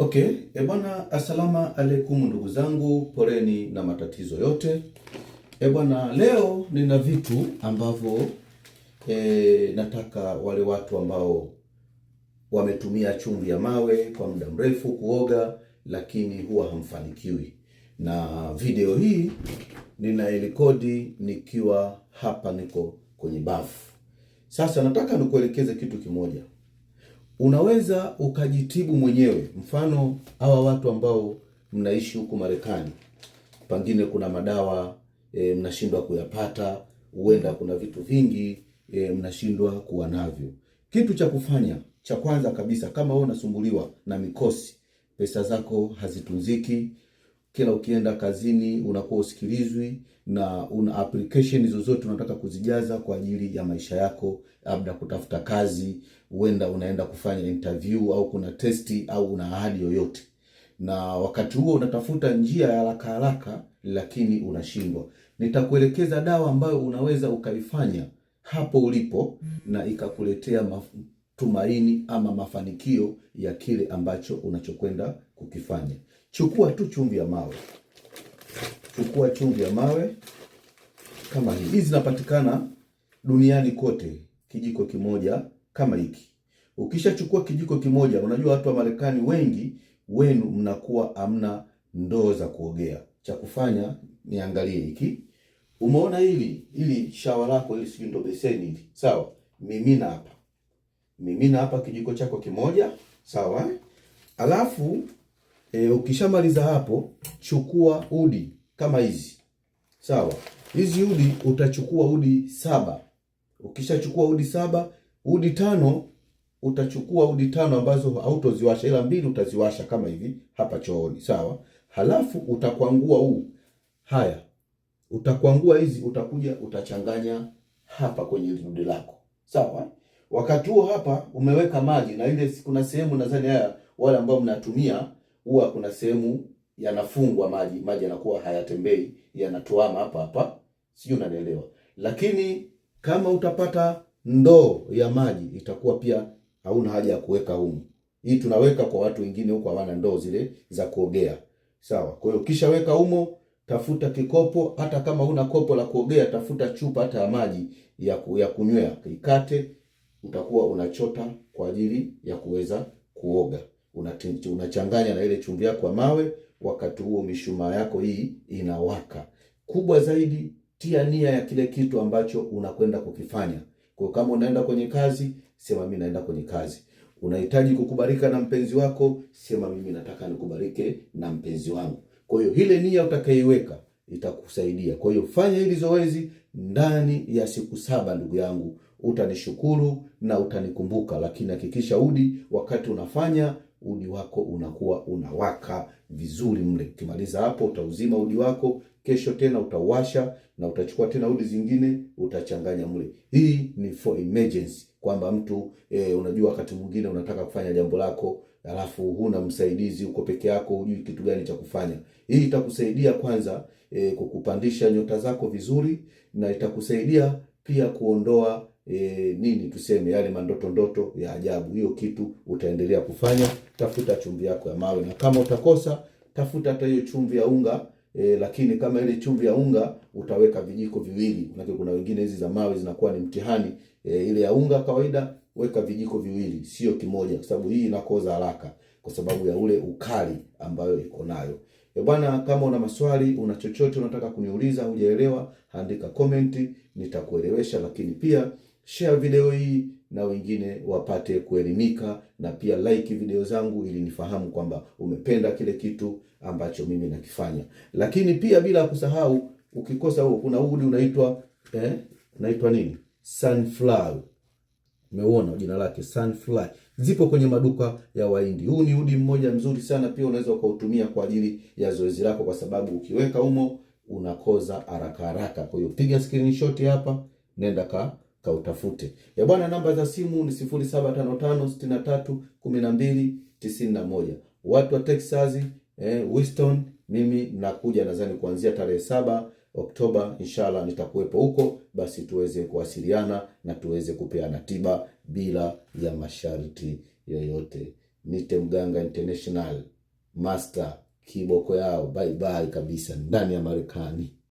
Okay, e bwana, asalama alaikum ndugu zangu, poleni na matatizo yote. Ebwana, leo nina vitu ambavyo e, nataka wale watu ambao wametumia chumvi ya mawe kwa muda mrefu kuoga, lakini huwa hamfanikiwi. Na video hii ninairekodi nikiwa hapa, niko kwenye bafu. Sasa nataka nikuelekeze kitu kimoja unaweza ukajitibu mwenyewe. Mfano hawa watu ambao mnaishi huku Marekani, pangine kuna madawa e, mnashindwa kuyapata, huenda kuna vitu vingi e, mnashindwa kuwa navyo. Kitu cha kufanya cha kwanza kabisa, kama wewe unasumbuliwa na mikosi, pesa zako hazitunziki kila ukienda kazini unakuwa usikilizwi na una application zozote unataka kuzijaza kwa ajili ya maisha yako, labda kutafuta kazi, huenda unaenda kufanya interview au kuna testi au una ahadi yoyote, na wakati huo unatafuta njia ya haraka haraka, lakini unashindwa. Nitakuelekeza dawa ambayo unaweza ukaifanya hapo ulipo mm. na ikakuletea matumaini ama mafanikio ya kile ambacho unachokwenda kukifanya. Chukua tu chumvi ya mawe, chukua chumvi ya mawe kama hii. Hizi zinapatikana duniani kote, kijiko kimoja kama hiki. Ukishachukua kijiko kimoja, unajua watu wa Marekani wengi wenu mnakuwa amna ndoo za kuogea. Cha kufanya niangalie hiki, umeona hili hili shawa lako hili, sijui ndo beseni hili, sawa. Mimina hapa, mimina hapa kijiko chako kimoja, sawa. Alafu E, ukishamaliza hapo chukua udi kama hizi sawa. Hizi udi utachukua udi saba. Ukishachukua udi saba, udi tano utachukua udi tano ambazo hautoziwasha ila mbili utaziwasha kama hivi hapa chooni, sawa. Halafu utakwangua huu, haya, utakwangua hizi, utakuja utachanganya hapa kwenye udi lako, sawa. Wakati huo hapa umeweka maji na ile kuna sehemu nadhani haya wale ambao mnatumia huwa kuna sehemu yanafungwa maji, maji yanakuwa hayatembei, yanatuama hapa hapa, sijui unanielewa. Lakini kama utapata ndoo ya maji itakuwa pia hauna haja ya kuweka humu. Hii tunaweka kwa watu wengine huko hawana ndoo zile za kuogea, sawa. Kwa hiyo weka humo, tafuta kikopo, hata kama huna kopo la kuogea, tafuta chupa hata ya maji ya, ku, ya kunywea, ikate, utakuwa unachota kwa ajili ya kuweza kuoga unachanganya na ile chumvi yako ya mawe, wakati huo mishumaa yako hii inawaka. Kubwa zaidi, tia nia ya kile kitu ambacho unakwenda kukifanya. Kwa kama unaenda kwenye kazi, sema mimi naenda kwenye kazi. Unahitaji kukubalika na mpenzi wako, sema mimi nataka nikubalike na mpenzi wangu. Kwa hiyo ile nia utakayoiweka itakusaidia. Kwa hiyo fanya hili zoezi ndani ya siku saba, ndugu yangu utanishukuru na utanikumbuka. Lakini hakikisha udi wakati unafanya udi wako unakuwa unawaka vizuri mle. Ukimaliza hapo, utauzima udi wako, kesho tena utauwasha na utachukua tena udi zingine utachanganya mle. Hii ni for emergency, kwamba mtu e, unajua wakati mwingine unataka kufanya jambo lako alafu huna msaidizi, uko peke yako, hujui kitu gani cha kufanya. Hii itakusaidia kwanza, e, kukupandisha nyota zako vizuri, na itakusaidia pia kuondoa e, nini tuseme, yale mandoto ndoto ya ajabu. Hiyo kitu utaendelea kufanya. Tafuta chumvi yako ya mawe, na kama utakosa, tafuta hata hiyo chumvi ya unga e, lakini kama ile chumvi ya unga utaweka vijiko viwili, maana kuna wengine hizi za mawe zinakuwa ni mtihani. E, ile ya unga kawaida weka vijiko viwili, sio kimoja, kwa sababu hii inakoza haraka kwa sababu ya ule ukali ambayo iko nayo. E bwana, kama una maswali, una chochote unataka kuniuliza, hujaelewa, andika komenti, nitakuelewesha. Lakini pia share video hii na wengine wapate kuelimika, na pia like video zangu ili nifahamu kwamba umependa kile kitu ambacho mimi nakifanya. Lakini pia bila kusahau, ukikosa huo, kuna udi unaitwa eh, unaitwa nini, sunflower. Umeona jina lake sunflower, zipo kwenye maduka ya Wahindi. Huu ni udi mmoja mzuri sana, pia unaweza ukautumia kwa ajili ya zoezi lako, kwa sababu ukiweka humo unakoza haraka haraka. Kwa hiyo piga screenshot hapa, nenda ka kautafute. Ya bwana, namba za simu ni 0755631291. Watu wa Texas eh, Winston, mimi nakuja nadhani kuanzia tarehe saba Oktoba inshallah nitakuwepo huko, basi tuweze kuwasiliana na tuweze kupeana tiba bila ya masharti yoyote. Nite Mganga International Master, kiboko yao bye bye kabisa ndani ya Marekani.